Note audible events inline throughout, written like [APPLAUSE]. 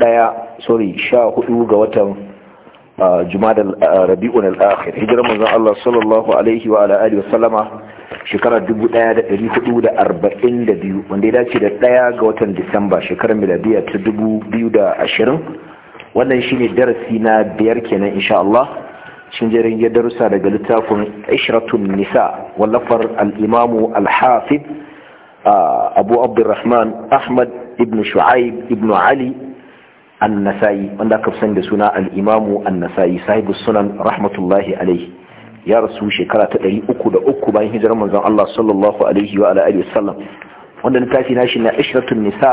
ɗaya sorry sha hudu ga watan ah, jumadar ah, rabi'un al-akhir hijirar manzan Allah sallallahu alaihi wa alihi wa sallama shekarar 1442 wanda ya dace da ɗaya ga watan disamba shekarar miladiya ta 2020 wannan shine darasi na biyar kenan insha Allah cin jerin ya darussa daga littafin ishratun nisa wallafar al-imamu al-hafid ah, abu abdurrahman ahmad ibn shu'aib ibn ali annasai wanda aka fi da suna al'imamu annasai sahibu sunan rahmatullahi alaihi ya rasu shekara ta ɗari uku da uku bayan hijirar manzon Allah sallallahu alaihi wa alihi wasallam wanda littafi nashi na ishratun nisa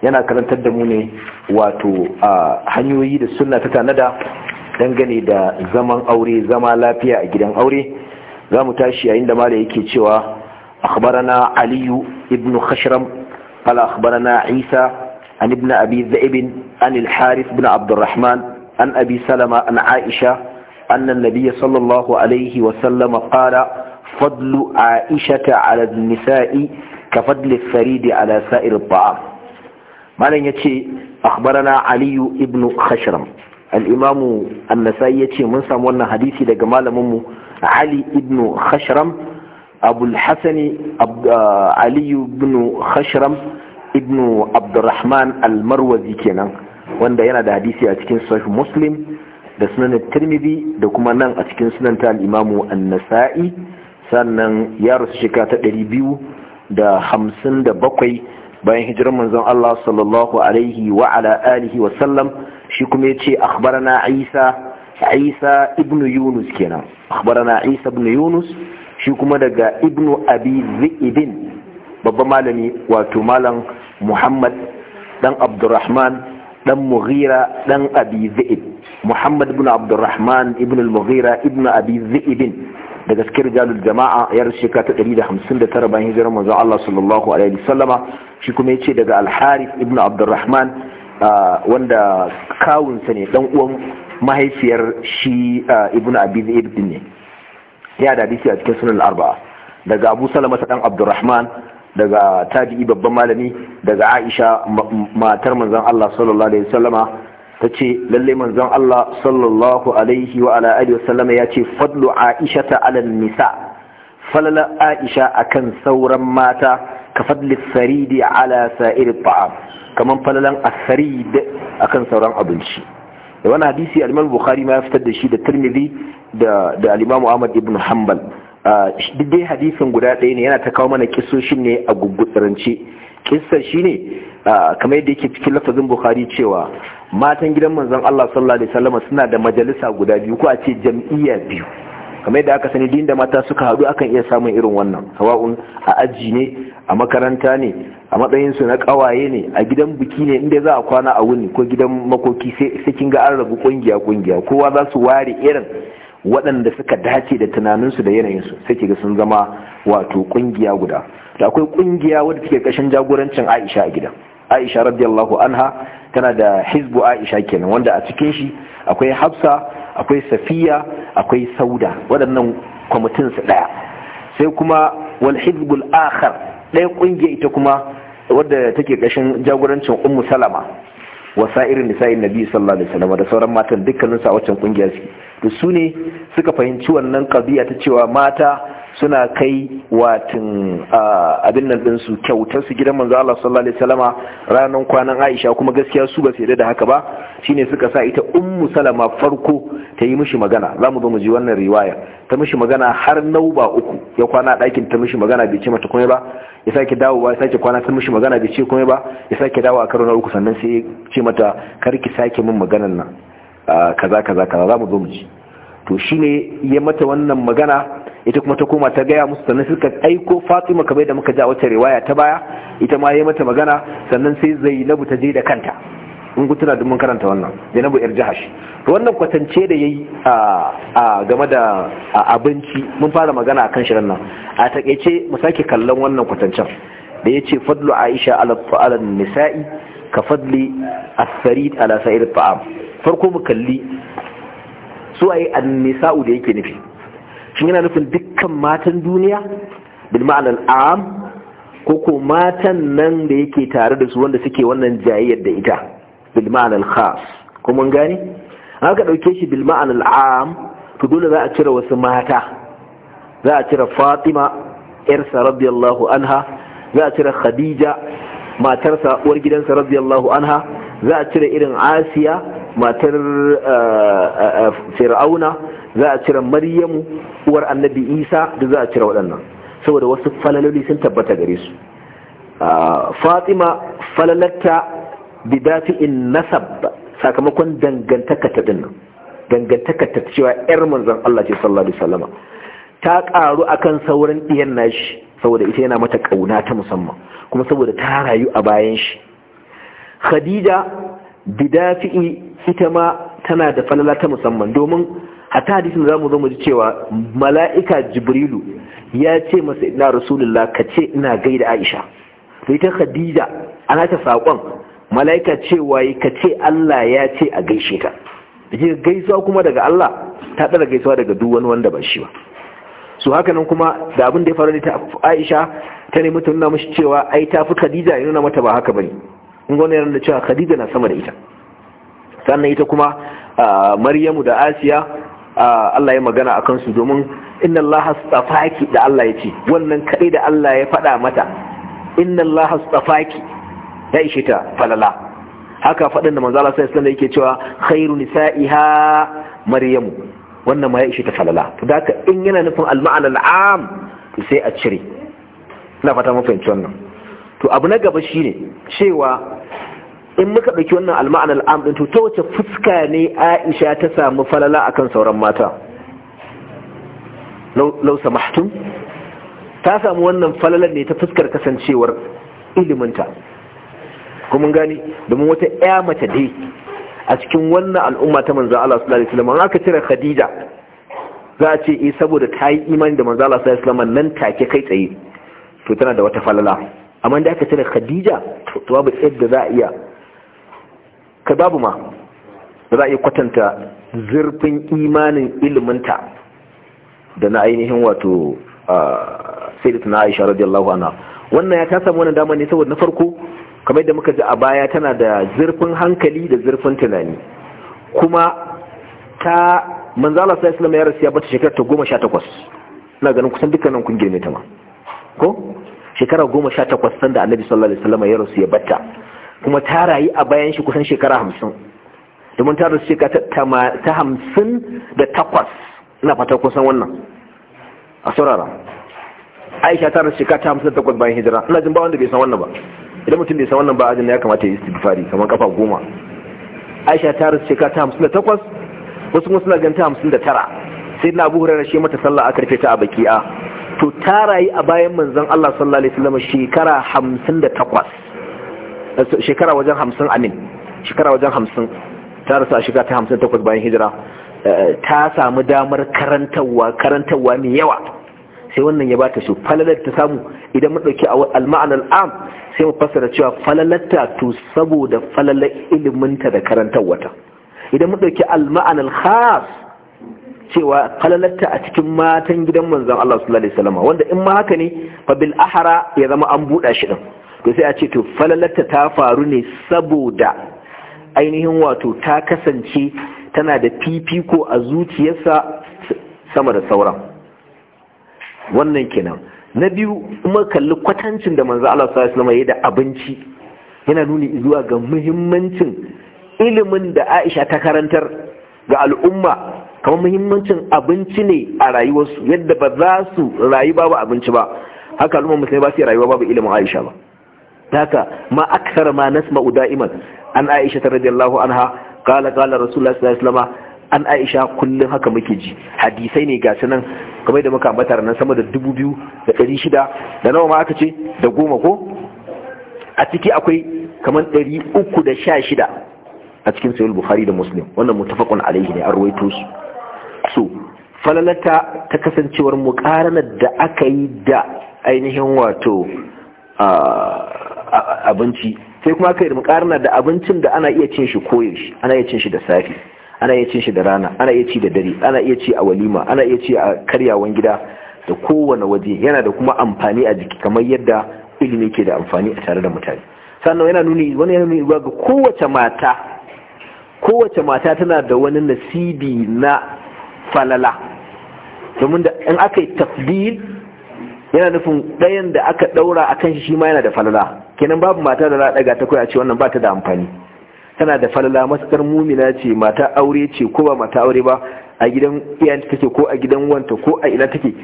yana karantar da mu ne wato a hanyoyi da sunna ta tanada dangane da zaman aure zama lafiya a gidan aure za mu tashi yayin da mala yake cewa akhbarana aliyu ibnu khashram qala akhbarana isa an ibn abi zaibin عن الحارث بن عبد الرحمن عن أبي سلمة عن عائشة أن النبي صلى الله عليه وسلم قال فضل عائشة على النساء كفضل الفريد على سائر الطعام ما لن يتي أخبرنا علي بن خشرم الإمام النسائي يتي من سامونا حديثي لجمال ممو علي بن خشرم أبو الحسن أب... علي بن خشرم ابن عبد الرحمن المروزي كنان wanda yana da hadisi a cikin sahih muslim da sunan tirmidhi da kuma nan a cikin sunan ta al-imamu an-nasa'i sannan ya rasu shekara ta 257 bayan hijirar manzon Allah sallallahu alaihi wa ala alihi wa sallam shi kuma yace akhbarana Isa Isa ibnu Yunus kenan akhbarana Isa ibn Yunus shi kuma daga ibnu Abi Zibin babban malami wato malam Muhammad dan Abdurrahman dan mughira dan abi zaid muhammad ibn abdurrahman ibn al-mughira ibn abi zaid da gaske rijalul jama'a ya rushe ka ta 159 bayan hijirar manzo Allah sallallahu alaihi wasallama shi kuma yace daga al-harith ibn abdurrahman ah, wanda kawunsa ne dan uwan mahaifiyar shi ah, ibn abi zaid ne ya da hadisi a cikin sunan al-arba'a daga abu salama ta dan abdurrahman daga tabi'i babban malami daga Aisha matar manzon Allah sallallahu alaihi wasallama tace lalle manzon Allah sallallahu alaihi wa ala alihi wasallama yace fadlu Aisha ta ala nisa falala Aisha akan sauran mata ka fadli saridi ala sa'ir ta'am kaman falalan asarid akan sauran abinci da wani hadisi al-Bukhari ma ya fitar da shi da Tirmidhi da da al-Imam Ahmad ibn Hanbal duk dai hadisin guda ɗaya ne yana ta kawo mana kisoshin ne a gugutsirance shi ne, kamar yadda yake cikin lafazin bukhari cewa matan gidan manzon Allah sallallahu alaihi wasallam suna da majalisa guda biyu ko a ce jam'iyya biyu kamar yadda aka sani din da mata suka haɗu akan iya samun irin wannan sawa'un a aji ne a makaranta ne a matsayin su na kawaye ne a gidan biki ne inda za a kwana a wuni ko gidan makoki sai kin ga an rabu kungiya kungiya kowa za su ware irin waɗanda suka dace da tunaninsu da yanayinsu sai ke ga sun zama wato ƙungiya guda da akwai ƙungiya wadda take ƙashin jagorancin aisha a gida aisha radiyallahu anha tana da hizbu aisha kenan wanda a cikin shi akwai hafsa akwai safiya akwai sauda waɗannan kwamitin su ɗaya sai kuma wal hizbul akhar ɗaya ƙungiya ita kuma wadda take ƙashin jagorancin ummu salama wa sa'irin nisa'in nabi sallallahu alaihi wasallam da sauran matan dukkanin sa a waccan ƙungiya su to su ne suka fahimci wannan ƙabiya ta cewa mata suna kai watin abin nan ɗinsu kyautar su gidan manzo Allah sallallahu alaihi wasallama ranar kwanan Aisha kuma gaskiya su ba su yarda da haka ba shine suka sa ita ummu salama farko ta yi mishi magana za mu zo mu ji wannan riwaya ta mishi magana har nauba uku ya kwana ɗakin ta mishi magana bai ce mata komai ba ya sake dawowa ya sake kwana ta mishi magana bai ce komai ba ya sake dawo a karo na uku sannan sai ya ce mata kar ki sake min maganar nan kaza kaza kaza za mu zo mu ji to shi ne ya mata wannan magana ita kuma ta koma ta gaya musu sannan suka aiko fatima kamar da muka ja wata riwaya ta baya ita ma ya mata magana sannan sai zainabu ta je da kanta in ku tuna mun karanta wannan zainabu yar jahash to wannan kwatance da ya yi a game da abinci mun fara magana a akan shi nan a takaice mu sake kallon wannan kwatancen da ya ce fadlu aisha ala nisa'i ka fadli as-sarid ala sa'ir taam farko mu kalli su waye annisa'u da yake nufi shin yana nufin dukkan matan duniya bil ma'anar am ko ko matan nan da yake tare da su wanda suke wannan jayayyar da ita bil ma'anar khas ko mun gane haka dauke shi bil ma'anar am to dole za a cire wasu mata za a cire Fatima yarsa radiyallahu anha za a cire Khadija matarsa uwar gidansa radiyallahu anha za a cire irin Asiya matar eh, eh, eh, fir'auna za a cire maryamu uwar annabi isa da za a cire waɗannan saboda wasu falaloli sun tabbata gare su ah, fatima falalatta in nasab sakamakon dangantaka ta dinnan dangantaka ta cewa yar manzon Allah ce sallallahu alaihi ta karu akan sauran diyan nashi saboda ita yana mata kauna ta musamman kuma saboda ta rayu a bayan shi khadija bidafi'i ita ma tana da falala ta musamman domin a hatta za mu zo mu ji cewa mala'ika jibrilu ya ce masa ina rasulullah ka ce ina gaida aisha to ita khadija ana ta sakon mala'ika cewa ka ce Allah ya ce a gaishe ta? ji gaisuwa kuma daga Allah ta tsara gaisuwa daga duk wani wanda ba shi ba su haka nan kuma da abin da ya faru da ta Aisha ta nemi ta nuna mashi cewa ai ta fi Khadija ya nuna mata ba haka bane in yana da cewa khadija na sama da ita sannan ita kuma maryamu da asiya Allah ya magana a kansu domin inna Allah astafaki da Allah ya ce wannan kaɗai da Allah ya faɗa mata inna Allah astafaki ya ishe ta falala haka faɗin da manzo Allah sai sallallahu yake cewa khairu nisa'iha maryamu wannan ma ya ishe ta falala to da in yana nufin al-ma'al al-am sai a cire ina fata mun fahimci wannan to abu na gaba shine cewa in muka ɗauki wannan alma'anar amɗin to ta wace fuska ne aisha ta samu falala akan sauran mata lausa mahtun ta samu wannan falalar ne ta fuskar kasancewar iliminta kuma gani domin wata ya mace dai a cikin wannan al'umma ta manzo Allah sallallahu alaihi wasallam aka cire Khadija za a ce eh saboda ta yi imani da manzo Allah sallallahu alaihi wasallam nan take kai tsaye to tana da wata falala amma da aka cire khadija to babu yadda za a iya ka babu ma za a iya kwatanta zurfin imanin iliminta da na ainihin wato sayyidat na aisha radiyallahu anha wannan ya ta samu wannan dama ne saboda na farko kamar yadda muka ji a baya tana da zurfin hankali da zurfin tunani kuma ta manzala sai islam ya rasu ya bata shekara ta goma sha takwas ina ganin kusan dukkanin kun girme ta ma ko shekara goma sha takwas sanda annabi sallallahu alaihi wasallam ya rasu ya batta kuma ta rayu a bayan shi kusan shekara hamsin domin ta rasu shekara ta hamsin da takwas ina fata kusan wannan a saurara aisha ta rasu shekara ta hamsin da takwas bayan hijira ina jin ba wanda bai san wannan ba idan mutum bai san wannan ba ajin ya kamata ya yi istighfari kamar kafa goma aisha ta rasu shekara ta hamsin da takwas wasu kuma suna ganin ta hamsin da tara sai na abu hurairar shi mata sallah a karfe ta a baki'a to ta rayu a bayan manzon Allah sallallahu alaihi wasallam shekara 58 eh, shekara wajen 50 amin shekara wajen 50 ta rasu a shekara ta 58 bayan hijira eh, ta samu damar karantarwa karantarwa mai yawa sai wannan ya bata su Falalatta ta samu idan mu dauki al-ma'anar am sai mu fassara cewa falalatta to saboda falalar iliminta da karantarwata idan mu dauki al-ma'anar khas cewa falalatta a cikin matan gidan manzon Allah sallallahu alaihi wasallam wanda in ma haka ne fa bil ahra ya zama an buɗa shi din to sai a ce to falalatta ta faru ne saboda ainihin wato ta kasance tana da fifiko a zuciyarsa sama da sauran wannan kenan na biyu kuma kalli kwatancin da manzo Allah sallallahu alaihi wasallam ya da abinci yana nuni zuwa ga muhimmancin ilimin da Aisha ta karantar ga al'umma kamar muhimmancin abinci ne a rayuwarsu yadda ba za su rayu babu abinci ba haka al'umma musulmi ba su yi rayuwa babu ilimin aisha ba haka ma aksar ma nasma'u da'iman an aisha ta radiyallahu anha qala qala rasulullah sallallahu alaihi wasallam an aisha kullum haka muke ji hadisai ne gasu nan kamar da muka ambata nan sama da dubu biyu da ɗari shida da nawa ma aka ce da goma ko a ciki akwai kamar ɗari uku da sha shida a cikin sayul bukhari da muslim wannan mutafakun alaihi ne an ruwaito su su falalata ta kasancewar mukaranar da aka yi da ainihin wato abinci sai kuma aka yi mukaranar da abincin da ana iya cin shi koyaushe ana iya cin shi da safi ana iya cin shi da rana ana iya ci da dare ana iya ci a walima ana iya ci a karyawan gida da kowane waje yana da kuma amfani a jiki kamar yadda ilimi ke da amfani a tare da mutane sannan yana nuni wani yana nuni ga kowace mata kowace mata tana da wani nasibi na falala domin da in aka yi tafdil yana nufin ɗayan da aka ɗaura a kan shi ma yana da falala kenan babu mata da za a ɗaga ta koya ce wannan ba ta da amfani tana da falala matuƙar mumina ce mata aure ce ko ba mata aure ba a gidan ta take ko a gidan wanta ko a ina take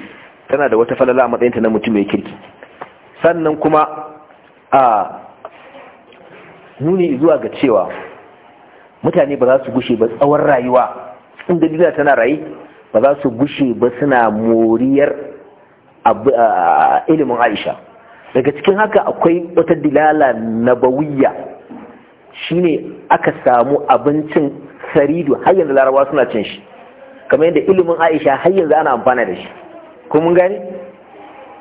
tana da wata falala a matsayinta na mutum mai kirki sannan kuma a nuni zuwa ga cewa mutane ba za su gushe ba tsawon rayuwa inda duniya tana raye ba za su gushe ba suna moriyar ilimin aisha daga cikin haka akwai wata dilala nabawiyya shine aka samu abincin saridu har yanzu larabawa suna cin shi kamar yadda ilimin aisha har yanzu ana amfana da shi ko mun gane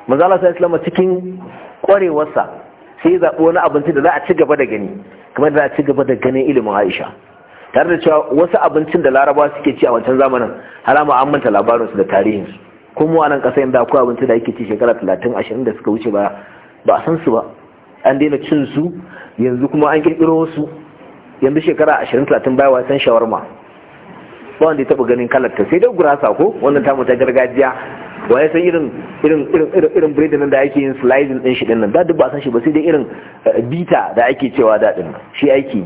manzo Allah sallallahu alaihi cikin kwarewarsa sai ya wani abinci da za a ci gaba da gani kamar da za a ci gaba da ganin ilimin aisha tare da cewa wasu abincin da laraba suke ci a wancan zamanin harama an manta labarinsu da tarihinsu kuma a nan ƙasa yanzu akwai abinci da ake ci shekara talatin ashirin da suka wuce ba ba a san su ba an daina cin su yanzu kuma an kirkiro su yanzu shekara ashirin talatin baya wasan shawarma ba wanda ya taɓa ganin ta sai dai gurasa ko wannan tamu ta gargajiya waye ya san irin irin irin irin biredi nan da ake yin slicing din shi din nan da duk ba san shi ba sai dai irin eh, bita da ake cewa da din shi aiki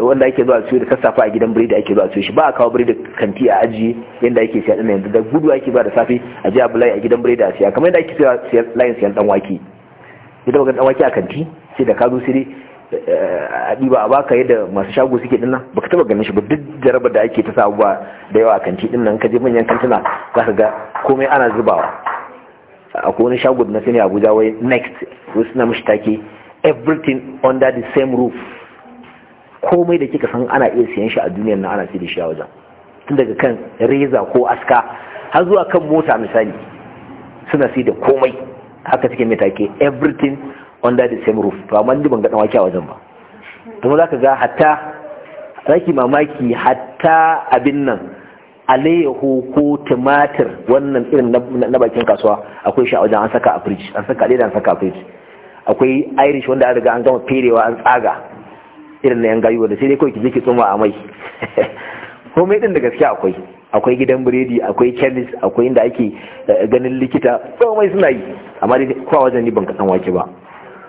wanda ake zuwa su da kasafa a gidan biredi ake zuwa su shi ba a kawo biredi kanti a ajiye yadda ake siya ɗin yanzu da gudu ake ba da safi a je a bulai a gidan biredi a siya kamar yadda ake siya layin siyan ɗan wake idan bakan ɗan wake a kanti sai da kazo sai eh, a ɗiba a baka yadda masu shago suke dinnan ba ka taɓa ganin shi ba duk jarabar da ake ta sabuwa da yawa a kanti dinnan ka je manyan kantuna za ka ga komai ana zubawa akwai wani shago da na sani abuja wai next wasu na mashi take everything under the same roof komai da kika san ana iya siyan shi a duniyar na ana sai da shi a wajen tun daga kan reza ko aska har zuwa kan mota misali suna sai da komai haka suke mai take everything under the same roof ba man ban ga dan wake a wajen ba kuma zaka ga hatta zaki mamaki hatta abin nan alayyahu ko tumatir wannan irin na bakin kasuwa akwai shi a wajen an saka a fridge an saka leda an saka a fridge akwai irish wanda an riga an gama ferewa an tsaga irin na yan gayu wanda sai dai kawai ki je ki tsoma a mai [LAUGHS] komai din da gaske akwai akwai gidan biredi akwai kemis akwai inda ake eh, ganin likita komai suna yi amma dai kowa wajen ni ban san wake ba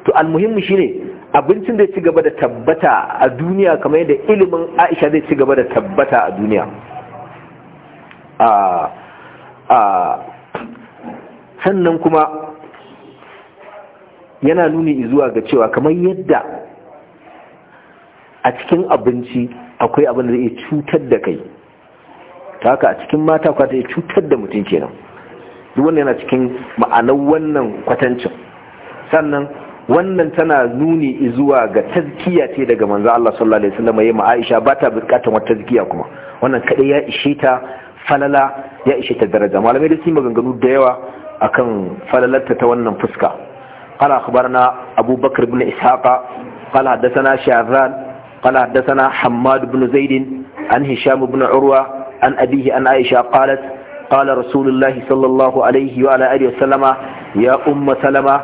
to almuhimmi shine abincin zai ci gaba da tabbata a duniya kamar yadda ilimin Aisha zai ci gaba da tabbata a duniya a a sannan kuma yana nuni zuwa ga cewa kamar yadda a cikin abinci akwai abin da zai cutar da kai ta haka a cikin mata kwata ya cutar da mutum kenan duk wannan yana cikin ma'anar wannan kwatancin sannan wannan tana nuni zuwa ga tazkiya ce daga manzo Allah sallallahu alaihi wasallam yayin Aisha ba ta bukatar wata tazkiya kuma wannan kadai ya ishe ta falala ya ishe ta daraja malamai da su maganganu da yawa akan falalarta ta wannan fuska قال أخبرنا abubakar بكر بن إسحاق قال حدثنا قال حدثنا حماد بن زيد عن هشام بن عروة عن أبيه عن عائشة قالت قال رسول الله صلى الله عليه وعلى آله وسلم يا أم سلمة